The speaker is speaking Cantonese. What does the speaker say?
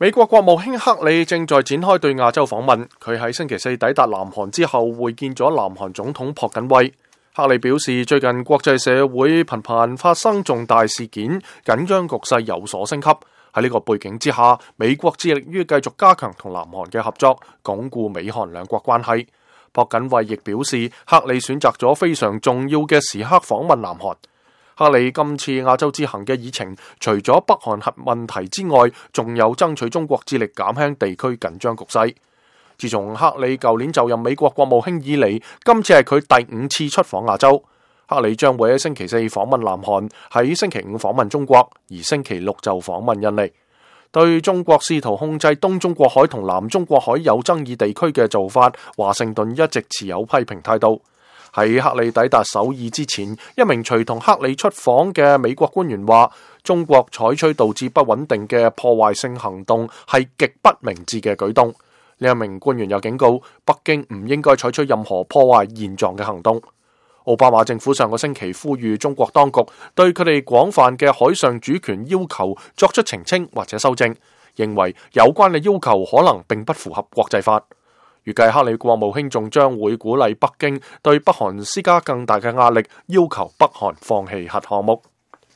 美國國務卿克里正在展開對亞洲訪問，佢喺星期四抵達南韓之後會見咗南韓總統朴槿惠。克里表示，最近國際社會頻頻發生重大事件，緊張局勢有所升級。喺呢個背景之下，美國致力於繼續加強同南韓嘅合作，鞏固美韓兩國關係。朴槿惠亦表示，克里選擇咗非常重要嘅時刻訪問南韓。克里今次亞洲之行嘅議程，除咗北韓核問題之外，仲有爭取中國致力減輕地區緊張局勢。自從克里舊年就任美國國務卿以嚟，今次係佢第五次出訪亞洲。克里將會喺星期四訪問南韓，喺星期五訪問中國，而星期六就訪問印尼。對中國試圖控制東中國海同南中國海有爭議地區嘅做法，華盛頓一直持有批評態度。喺克里抵達首爾之前，一名隨同克里出訪嘅美國官員話，中國採取導致不穩定嘅破壞性行動係極不明智嘅舉動。呢一名官員又警告北京唔應該採取任何破壞現狀嘅行動。奧巴馬政府上個星期呼籲中國當局對佢哋廣泛嘅海上主權要求作出澄清或者修正，認為有關嘅要求可能並不符合國際法。預計克里國務卿仲將會鼓勵北京對北韓施加更大嘅壓力，要求北韓放棄核項目。